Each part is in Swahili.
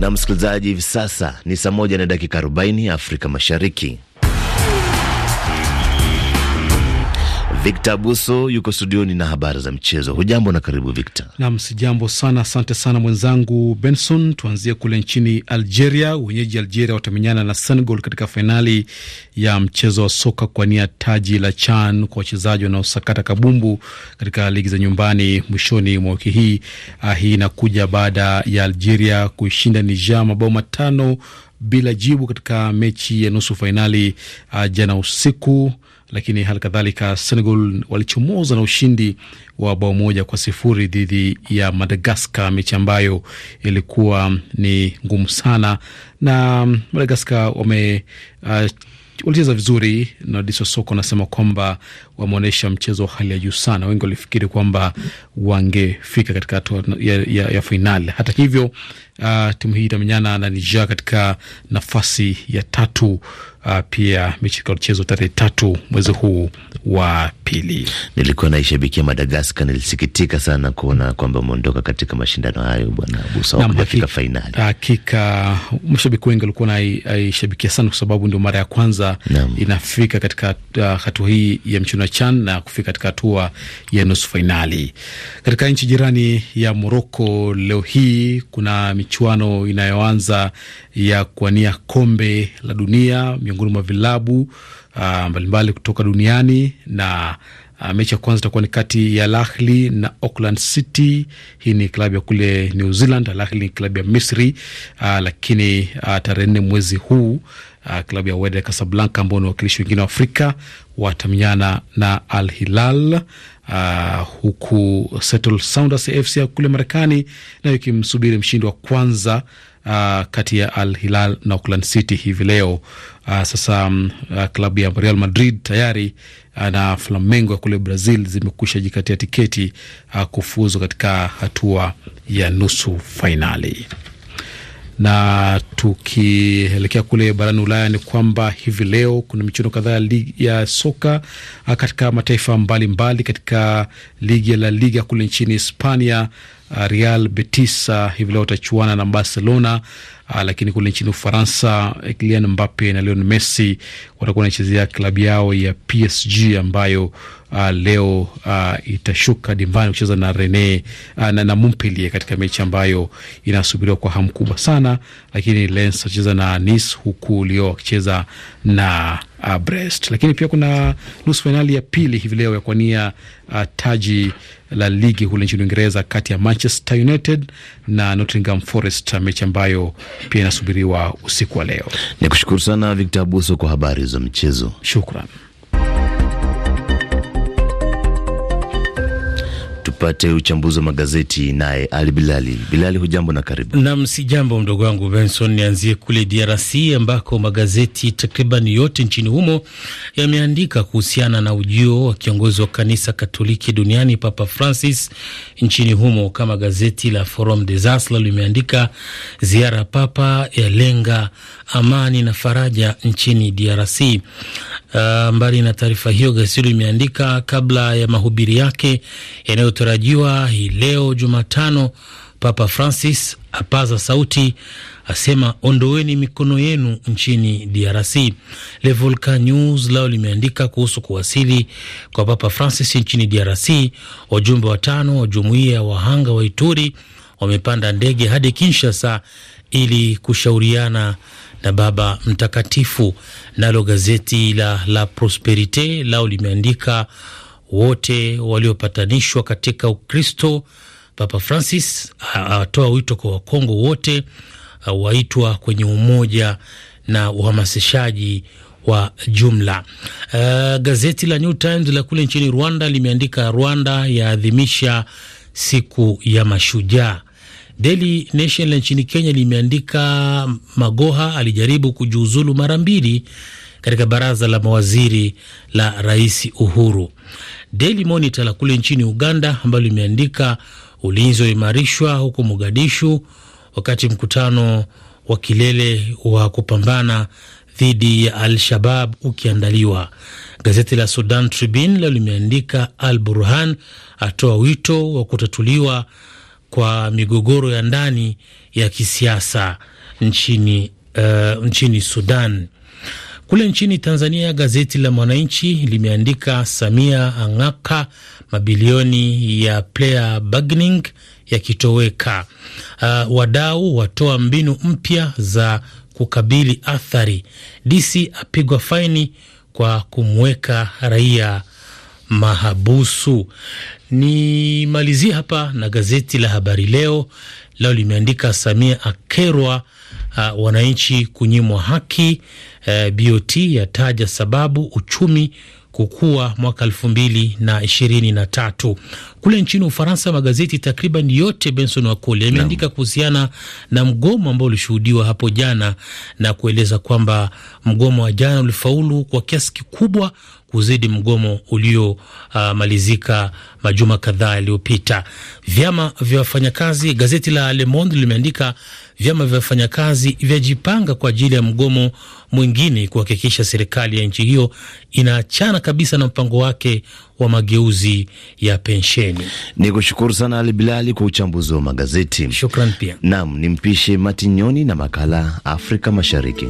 Na msikilizaji, hivi sasa ni saa moja na dakika 40 Afrika Mashariki. Victor Buso yuko studioni na habari za mchezo Hujambo na karibu Victor. Nam, sijambo sana, asante sana mwenzangu Benson. Tuanzie kule nchini Algeria. Wenyeji Algeria watamenyana na Senegal katika fainali ya mchezo wa soka nia taji la CHAN kwa wachezaji wanaosakata kabumbu katika ligi za nyumbani mwishoni mwa wiki hii. Ah, hii inakuja baada ya Algeria kuishinda Niger mabao matano bila jibu katika mechi ya nusu fainali ah, jana usiku lakini hali kadhalika Senegal walichomoza na ushindi wa bao moja kwa sifuri dhidi ya Madagaskar, mechi ambayo ilikuwa ni ngumu sana, na Madagaskar wame uh, walicheza vizuri na Diso Soko anasema kwamba wameonyesha mchezo wa hali ya juu sana. Wengi walifikiri kwamba wangefika katika hatua ya, ya, ya fainali. Hata hivyo, uh, timu hii itamenyana na Niger katika nafasi ya tatu. Uh, pia mechi itachezwa tarehe tatu mwezi huu wa pili. Nilikuwa naishabikia Madagaskar, nilisikitika sana kuona kwamba umeondoka katika mashindano hayo, bwana Busa, kufika fainali. Hakika uh, mashabiki wengi walikuwa naishabikia sana, kwa sababu ndio mara ya kwanza inafika katika uh, hatua hii ya mchezo na CHAN na kufika katika hatua ya nusu fainali. Katika nchi jirani ya Moroko, leo hii kuna michuano inayoanza ya kuwania kombe la dunia miongoni mwa vilabu ah, mbalimbali kutoka duniani na Uh, mechi ya kwanza itakuwa ni kati ya lahli na Auckland City. Hii ni klabu ya kule New Zealand. Lahli ni klabu ya Misri. Uh, lakini uh, tarehe nne mwezi huu uh, klabu ya Wydad Casablanca ambao ni wakilishi wengine wa Afrika watamenyana na Al Hilal uh, huku Seattle Sounders AFC ya kule Marekani nayo ikimsubiri mshindi wa kwanza Uh, kati ya Al Hilal na Auckland City hivi leo. Uh, sasa um, uh, klabu ya Real Madrid tayari uh, na Flamengo ya kule Brazil zimekwisha jikatia tiketi uh, kufuzu katika hatua ya nusu fainali. Na tukielekea kule barani Ulaya ni kwamba hivi leo kuna michuano kadhaa ya soka ah, katika mataifa mbalimbali mbali, katika ligi ya La Liga kule nchini Hispania Uh, Real Betis uh, hivi leo watachuana na Barcelona. Uh, lakini kule nchini Ufaransa, uh, Kylian Mbappe na Lionel Messi watakuwa wanachezea klabu yao ya PSG ambayo uh, leo uh, itashuka dimbani kucheza na Rene uh, na, na Montpellier katika mechi ambayo inasubiriwa kwa hamu kubwa sana, lakini Lens atacheza na Nice huku Lyon wakicheza na uh, Brest. Lakini pia kuna nusu fainali ya pili hivi leo ya kuwania uh, taji la ligi hule nchini Uingereza kati ya Manchester United na Nottingham Forest, uh, mechi ambayo pia inasubiriwa usiku wa leo. Ni kushukuru sana Victor Abuso kwa habari za mchezo, shukran. tupate uchambuzi wa magazeti naye Ali Bilali. Bilali, hujambo na karibu. Nam, si jambo mdogo wangu Benson. Nianzie kule DRC ambako magazeti takriban yote nchini humo yameandika kuhusiana na ujio wa kiongozi wa kanisa Katoliki duniani Papa Francis nchini humo, kama gazeti la Forum des Asla limeandika ziara Papa yalenga amani na faraja nchini DRC. Uh, mbali na taarifa hiyo, Gasiru imeandika kabla ya mahubiri yake yanayotarajiwa hii leo Jumatano, Papa Francis apaza sauti, asema ondoeni mikono yenu nchini DRC. Le Volcan News lao limeandika kuhusu kuwasili kwa Papa Francis nchini DRC. Wajumbe watano wa jumuiya ya wahanga wa Ituri wamepanda ndege hadi Kinshasa ili kushauriana na Baba Mtakatifu. Nalo gazeti la La Prosperite lao limeandika wote waliopatanishwa katika Ukristo, Papa Francis atoa wito kwa Wakongo wote waitwa kwenye umoja na uhamasishaji wa jumla. Uh, gazeti la New Times la kule nchini Rwanda limeandika Rwanda yaadhimisha siku ya mashujaa. Daily Nation la nchini Kenya limeandika Magoha alijaribu kujiuzulu mara mbili katika baraza la mawaziri la Rais Uhuru. Daily Monitor la kule nchini Uganda ambalo limeandika ulinzi waimarishwa huko Mogadishu wakati mkutano wa kilele wa kupambana dhidi ya Al-Shabab ukiandaliwa. Gazeti la Sudan Tribune lao limeandika Al Burhan atoa wito wa kutatuliwa kwa migogoro ya ndani ya kisiasa nchini, uh, nchini Sudan. Kule nchini Tanzania, gazeti la Mwananchi limeandika Samia ang'aka mabilioni ya player bargaining yakitoweka. Uh, wadau watoa mbinu mpya za kukabili athari. DC apigwa faini kwa kumweka raia mahabusu. Nimalizie hapa na gazeti la Habari Leo. Leo limeandika Samia akerwa uh, wananchi kunyimwa haki. Uh, BOT yataja sababu uchumi kukua mwaka elfu mbili na ishirini na tatu. Kule nchini Ufaransa, magazeti takriban yote, Benson Wakoli, yameandika kuhusiana na mgomo ambao ulishuhudiwa hapo jana na kueleza kwamba mgomo wa jana ulifaulu kwa kiasi kikubwa kuzidi mgomo uliomalizika uh, majuma kadhaa yaliyopita. Vyama vya wafanyakazi, gazeti la Le Monde limeandika vyama vya wafanyakazi vyajipanga kwa ajili ya mgomo mwingine kuhakikisha serikali ya nchi hiyo inaachana kabisa na mpango wake wa mageuzi ya pensheni. Ni kushukuru sana Ali Bilali kwa uchambuzi wa magazeti. Shukran pia nam ni mpishe Matinyoni na makala Afrika Mashariki.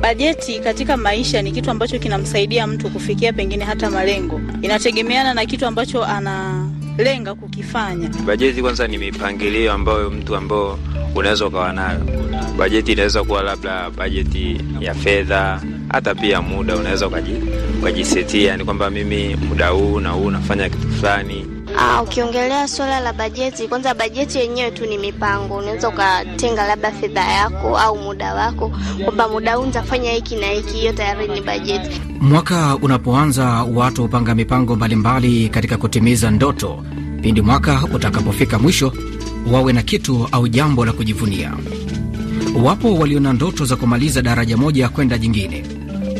Bajeti katika maisha ni kitu ambacho kinamsaidia mtu kufikia pengine hata malengo, inategemeana na kitu ambacho analenga kukifanya. Bajeti kwanza ni mipangilio ambayo mtu ambao unaweza ukawa nayo. Bajeti inaweza kuwa labda bajeti ya fedha, hata pia muda unaweza ukajisetia, yani kwamba mimi muda huu na huu nafanya kitu fulani. Ah, ukiongelea swala la bajeti, kwanza bajeti yenyewe tu ni mipango. Unaweza ukatenga labda fedha yako au muda wako kwamba muda huu nitafanya hiki na hiki, hiyo tayari ni bajeti. Mwaka unapoanza watu hupanga mipango mbalimbali katika kutimiza ndoto. Pindi mwaka utakapofika mwisho wawe na kitu au jambo la kujivunia. Wapo walio na ndoto za kumaliza daraja moja kwenda jingine.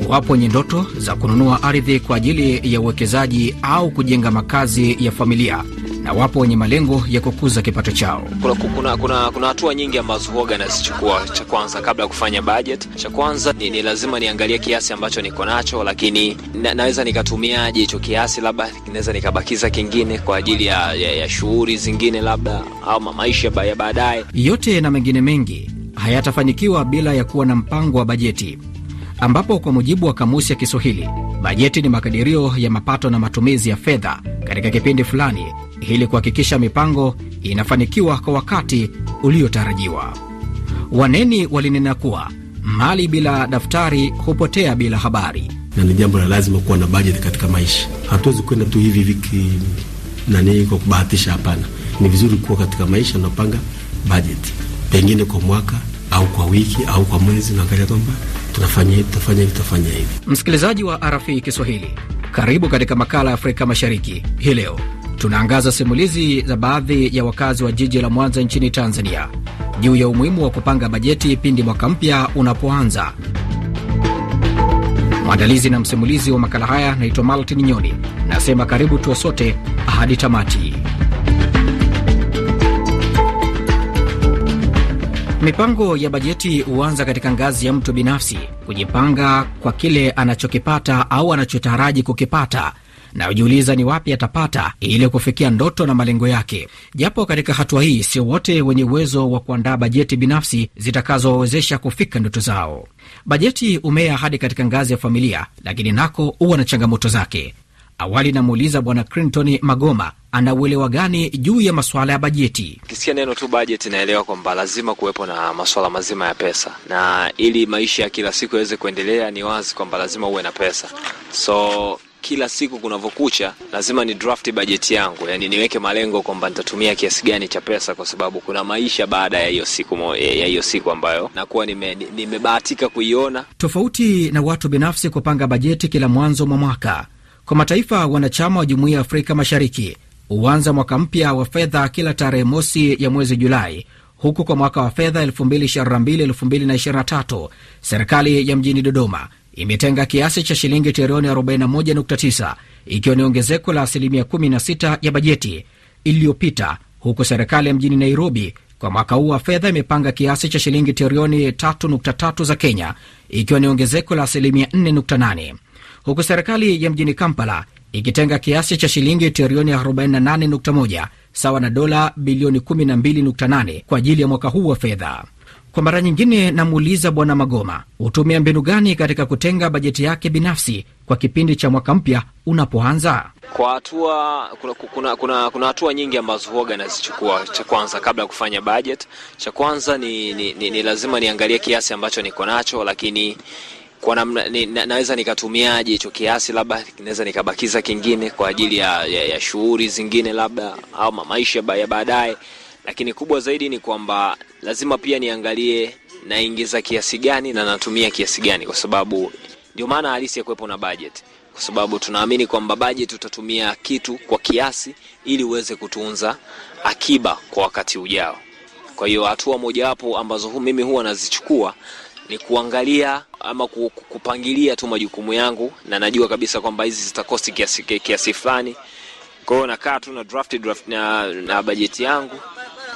Wapo wenye ndoto za kununua ardhi kwa ajili ya uwekezaji au kujenga makazi ya familia na wapo wenye malengo ya kukuza kipato chao. Kuna, kuna, kuna, kuna hatua nyingi ambazo huwaga nazichukua. Cha kwanza kabla ya kufanya budget, cha kwanza ni, ni lazima niangalie kiasi ambacho niko nacho, lakini na, naweza nikatumiaje hicho kiasi, labda naweza nikabakiza kingine kwa ajili ya, ya, ya shughuli zingine labda au maisha ya baadaye. Yote na mengine mengi hayatafanikiwa bila ya kuwa na mpango wa bajeti ambapo kwa mujibu wa kamusi ya Kiswahili bajeti ni makadirio ya mapato na matumizi ya fedha katika kipindi fulani ili kuhakikisha mipango inafanikiwa kwa wakati uliotarajiwa. Waneni walinena kuwa mali bila daftari hupotea bila habari, na ni jambo la lazima kuwa na bajeti katika maisha. Hatuwezi kwenda tu hivi viki nani kwa kubahatisha, hapana. Ni vizuri kuwa katika maisha unapanga bajeti, pengine kwa mwaka au kwa wiki au kwa mwezi, naangalia kwamba tunafanya hivi, tutafanya hivi, tutafanya hivi. Msikilizaji wa RFI Kiswahili, karibu katika makala ya Afrika Mashariki hii leo Tunaangaza simulizi za baadhi ya wakazi wa jiji la Mwanza nchini Tanzania juu ya umuhimu wa kupanga bajeti pindi mwaka mpya unapoanza. Mwandalizi na msimulizi wa makala haya naitwa Maltin Nyoni, nasema karibu tuwe sote hadi tamati. Mipango ya bajeti huanza katika ngazi ya mtu binafsi, kujipanga kwa kile anachokipata au anachotaraji kukipata na hujiuliza ni wapi atapata ili kufikia ndoto na malengo yake. Japo katika hatua hii sio wote wenye uwezo wa kuandaa bajeti binafsi zitakazowawezesha kufika ndoto zao. Bajeti umea hadi katika ngazi ya familia, lakini nako huwa na changamoto zake. Awali namuuliza Bwana Clinton Magoma ana uelewa gani juu ya masuala ya bajeti. Kisikia neno tu bajeti, naelewa kwamba lazima kuwepo na masuala mazima ya pesa, na ili maisha ya kila siku yaweze kuendelea, ni wazi kwamba lazima uwe na pesa so kila siku kunavyokucha lazima ni draft bajeti yangu, yani niweke malengo kwamba nitatumia kiasi gani cha pesa, kwa sababu kuna maisha baada ya hiyo siku mo, ya hiyo siku ambayo nakuwa nimebahatika nime kuiona. Tofauti na watu binafsi kupanga bajeti kila mwanzo mwa mwaka, kwa mataifa wanachama wa Jumuiya ya Afrika Mashariki huanza mwaka mpya wa fedha kila tarehe mosi ya mwezi Julai huku kwa mwaka wa fedha 2022/2023 serikali ya mjini Dodoma imetenga kiasi cha shilingi trilioni 41.9 ikiwa ni ongezeko la asilimia 16 ya bajeti iliyopita, huku serikali ya mjini Nairobi kwa mwaka huu wa fedha imepanga kiasi cha shilingi trilioni 3.3 za Kenya, ikiwa ni ongezeko la asilimia 4.8, huku serikali ya mjini Kampala ikitenga kiasi cha shilingi trilioni 48.1 sawa na dola bilioni 12.8 kwa ajili ya mwaka huu wa fedha. Kwa mara nyingine namuuliza Bwana Magoma hutumia mbinu gani katika kutenga bajeti yake binafsi kwa kipindi cha mwaka mpya unapoanza? Kwa hatua kuna, kuna, kuna, kuna hatua nyingi ambazo huoga nazichukua. Cha kwanza kabla ya kufanya bajeti, cha kwanza ni, ni, ni, ni lazima niangalie kiasi ambacho niko nacho, lakini kwa namna ni, na, naweza nikatumiaje hicho kiasi, labda naweza nikabakiza kingine kwa ajili ya, ya, ya shughuli zingine labda au maisha ya baadaye lakini kubwa zaidi ni kwamba lazima pia niangalie naingiza kiasi gani na natumia kiasi gani, kwa sababu ndio maana halisi ya kuwepo na budget, kwa sababu tunaamini kwamba budget utatumia kitu kwa kiasi ili uweze kutunza akiba kwa wakati ujao. Kwa hiyo hatua mojawapo ambazo hu, mimi huwa nazichukua ni kuangalia ama kupangilia tu majukumu yangu, na najua kabisa kwamba hizi zitakosti kiasi, kiasi fulani. Kwa hiyo nakaa tu na draft, draft na, na bajeti yangu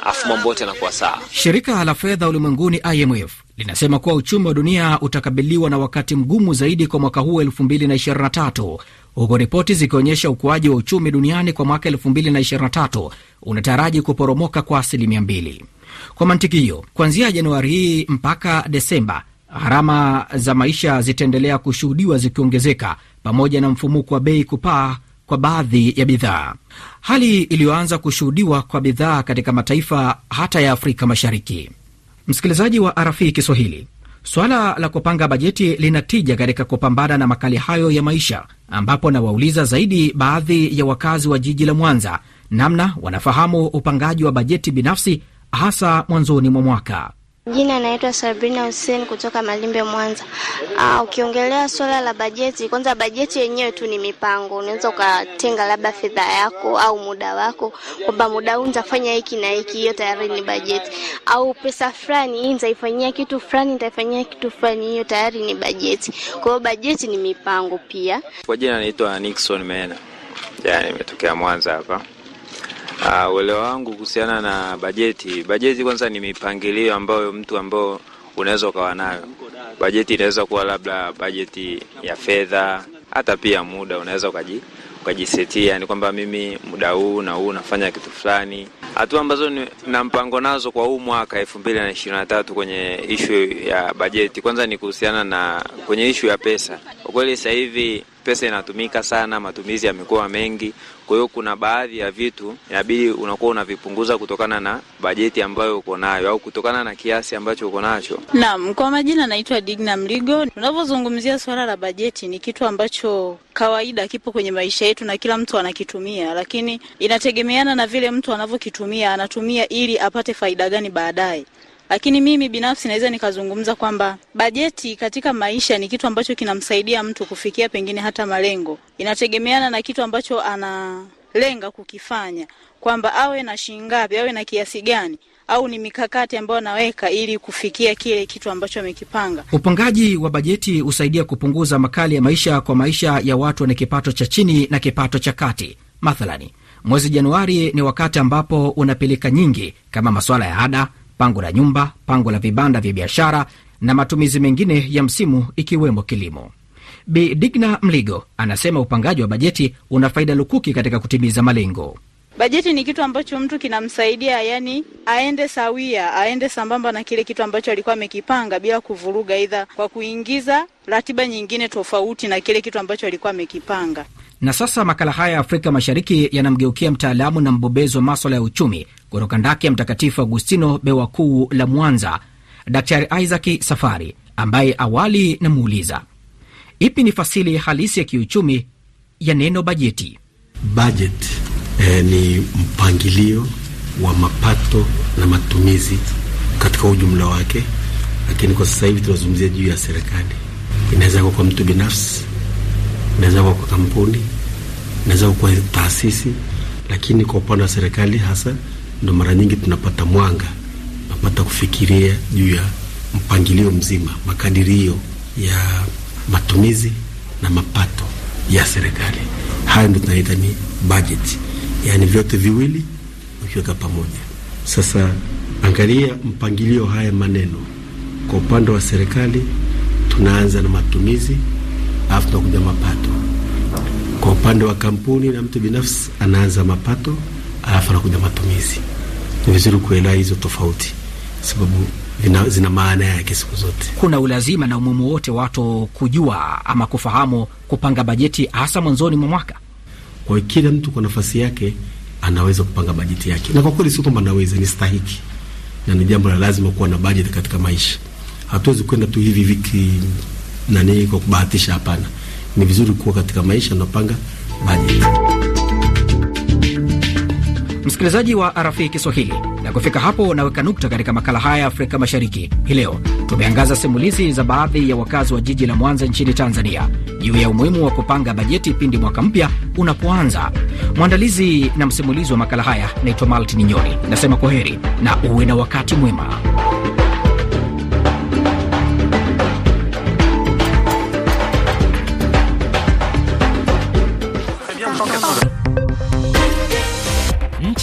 afu mambo yote yanakuwa sawa. Shirika la fedha ulimwenguni IMF linasema kuwa uchumi wa dunia utakabiliwa na wakati mgumu zaidi kwa mwaka huu 2023 huku ripoti zikionyesha ukuaji wa uchumi duniani kwa mwaka 2023 unataraji kuporomoka kwa asilimia 2. Kwa mantiki hiyo, kuanzia Januari hii mpaka Desemba, gharama za maisha zitaendelea kushuhudiwa zikiongezeka pamoja na mfumuko wa bei kupaa kwa baadhi ya bidhaa hali iliyoanza kushuhudiwa kwa bidhaa katika mataifa hata ya Afrika Mashariki. Msikilizaji wa RFI Kiswahili, suala la kupanga bajeti lina tija katika kupambana na makali hayo ya maisha, ambapo nawauliza zaidi baadhi ya wakazi wa jiji la Mwanza namna wanafahamu upangaji wa bajeti binafsi hasa mwanzoni mwa mwaka. Jina naitwa Sabrina Hussein kutoka Malimbe, Mwanza. Aa, ah, ukiongelea swala la bajeti, kwanza bajeti yenyewe tu ni mipango. Unaweza ukatenga labda fedha yako au muda wako kwamba muda huu nitafanya hiki na hiki, hiyo tayari ni bajeti. Au pesa fulani hii nitaifanyia kitu fulani, nitaifanyia kitu fulani, hiyo tayari ni bajeti. Kwa hiyo bajeti ni mipango pia. Kwa jina naitwa Nixon Mena, Yaani nimetokea Mwanza hapa. Ah, uelewa wangu kuhusiana na bajeti, bajeti kwanza ni mipangilio ambayo mtu ambao unaweza ukawa nayo. Bajeti inaweza kuwa labda bajeti ya fedha, hata pia muda unaweza ukaji ukajisetia, yani kwamba mimi muda huu na huu nafanya kitu fulani, hatua ambazo ni, na mpango nazo kwa huu mwaka elfu mbili na ishirini na tatu kwenye ishu ya bajeti. Kwanza ni kuhusiana na kwenye ishu ya pesa kweli sasa hivi pesa inatumika sana, matumizi yamekuwa mengi. Kwa hiyo kuna baadhi ya vitu inabidi unakuwa unavipunguza kutokana na bajeti ambayo uko nayo au kutokana na kiasi ambacho uko nacho. Naam, kwa majina naitwa Digna Mligo. Tunavyozungumzia swala la bajeti, ni kitu ambacho kawaida kipo kwenye maisha yetu na kila mtu anakitumia, lakini inategemeana na vile mtu anavyokitumia, anatumia ili apate faida gani baadaye. Lakini mimi binafsi naweza nikazungumza kwamba bajeti katika maisha ni kitu ambacho kinamsaidia mtu kufikia pengine hata malengo. Inategemeana na kitu ambacho analenga kukifanya, kwamba awe na shilingi ngapi, awe na kiasi gani au ni mikakati ambayo anaweka ili kufikia kile kitu ambacho amekipanga. Upangaji wa bajeti husaidia kupunguza makali ya maisha kwa maisha ya watu wenye kipato cha chini na kipato cha kati. Mathalani, mwezi Januari ni wakati ambapo una nyingi kama masuala ya ada pango la nyumba, pango la vibanda vya biashara na matumizi mengine ya msimu ikiwemo kilimo. Bi Digna Mligo anasema upangaji wa bajeti una faida lukuki katika kutimiza malengo. Bajeti ni kitu ambacho mtu kinamsaidia, yani aende sawia, aende sambamba na kile kitu ambacho alikuwa amekipanga bila kuvuruga, aidha kwa kuingiza ratiba nyingine tofauti na kile kitu ambacho alikuwa amekipanga. Na sasa makala haya ya Afrika Mashariki yanamgeukia mtaalamu na mbobezi wa maswala ya uchumi kutoka ndake ya Mtakatifu Agustino Bewa Kuu la Mwanza, Daktari Isaac Safari, ambaye awali namuuliza ipi ni fasili halisi ya kiuchumi ya neno bajeti. Bajeti e, ni mpangilio wa mapato na matumizi katika ujumla wake, lakini kwa sasa hivi tunazungumzia juu ya serikali. Inaweza kuwa kwa mtu binafsi, inaweza kuwa kwa kampuni, inaweza kuwa kwa taasisi, lakini kwa upande wa serikali hasa ndo mara nyingi tunapata mwanga, tunapata kufikiria juu ya mpangilio mzima, makadirio ya matumizi na mapato ya serikali. Hayo ndo tunaita ni bajeti yaani vyote viwili ukiweka pamoja. Sasa angalia mpangilio haya maneno. Kwa upande wa serikali tunaanza na matumizi, alafu tunakuja mapato. Kwa upande wa kampuni na mtu binafsi anaanza mapato, alafu anakuja matumizi. Ni vizuri kuelewa hizo tofauti, sababu vina, zina maana yake siku zote. Kuna ulazima na umuhimu wote watu kujua ama kufahamu kupanga bajeti hasa mwanzoni mwa mwaka. Kwa hiyo kila mtu kwa nafasi yake anaweza kupanga bajeti yake, na kwa kweli sio kwamba naweza, ni stahiki na ni jambo la lazima kuwa na bajeti katika maisha. Hatuwezi kwenda tu hivi wiki nani kwa kubahatisha, hapana. Ni vizuri kuwa katika maisha unapanga bajeti. Msikilizaji wa RFI Kiswahili na kufika hapo naweka nukta katika makala haya ya Afrika Mashariki hii leo. Tumeangaza simulizi za baadhi ya wakazi wa jiji la Mwanza nchini Tanzania juu ya umuhimu wa kupanga bajeti pindi mwaka mpya unapoanza. Mwandalizi na msimulizi wa makala haya naitwa Maltini Nyoni, nasema kwa heri na uwe na wakati mwema.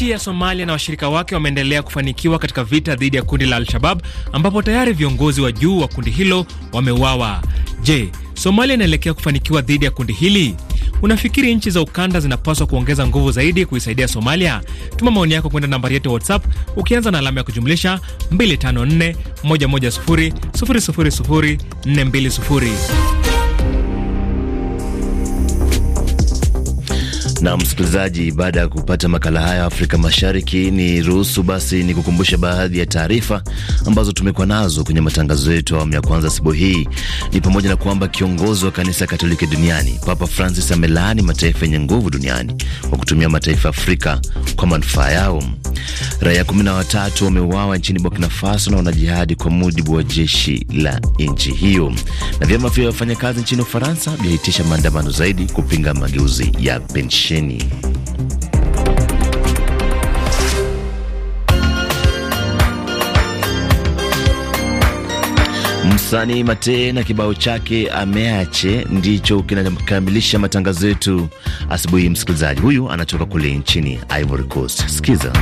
Nchi ya Somalia na washirika wake wameendelea kufanikiwa katika vita dhidi ya kundi la Al-Shabab ambapo tayari viongozi wa juu wa kundi hilo wameuawa. Je, Somalia inaelekea kufanikiwa dhidi ya kundi hili? Unafikiri nchi za ukanda zinapaswa kuongeza nguvu zaidi kuisaidia Somalia? Tuma maoni yako kwenda nambari yetu ya WhatsApp ukianza na alama ya kujumlisha 254 110 000 420. Na msikilizaji, baada ya kupata makala haya Afrika Mashariki, ni ruhusu basi ni kukumbusha baadhi ya taarifa ambazo tumekuwa nazo kwenye matangazo yetu awamu ya kwanza sibu hii. Ni pamoja na kwamba kiongozi wa kanisa Katoliki duniani Papa Francis amelaani mataifa yenye nguvu duniani kwa kutumia mataifa Afrika kwa manufaa yao. Raia kumi na watatu wameuawa nchini Burkina Faso na wanajihadi kwa mujibu wa jeshi la nchi hiyo. Na vyama vya wafanyakazi nchini Ufaransa vyahitisha maandamano zaidi kupinga mageuzi ya pensheni televisheni. Msanii Mate na kibao chake ameache ndicho kinakamilisha matangazo yetu asubuhi. Msikilizaji huyu anatoka kule nchini Ivory Coast. Sikiza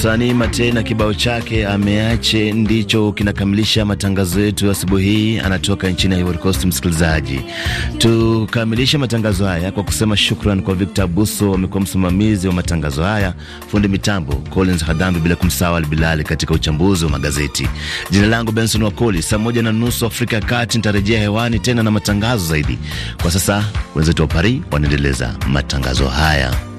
Msanii Mate na kibao chake ameache ndicho kinakamilisha matangazo yetu asubuhi hii. Anatoka nchini Ivory Coast. Msikilizaji, tukamilishe matangazo haya kwa kusema shukran kwa Victor Buso, amekuwa msimamizi wa matangazo haya, fundi mitambo Collins Hadambi, bila kumsahau Albilali katika uchambuzi wa magazeti. Jina langu Benson Wakoli. Saa moja na nusu Afrika ya Kati nitarejea hewani tena na matangazo zaidi. Kwa sasa wenzetu wa Paris wanaendeleza matangazo haya.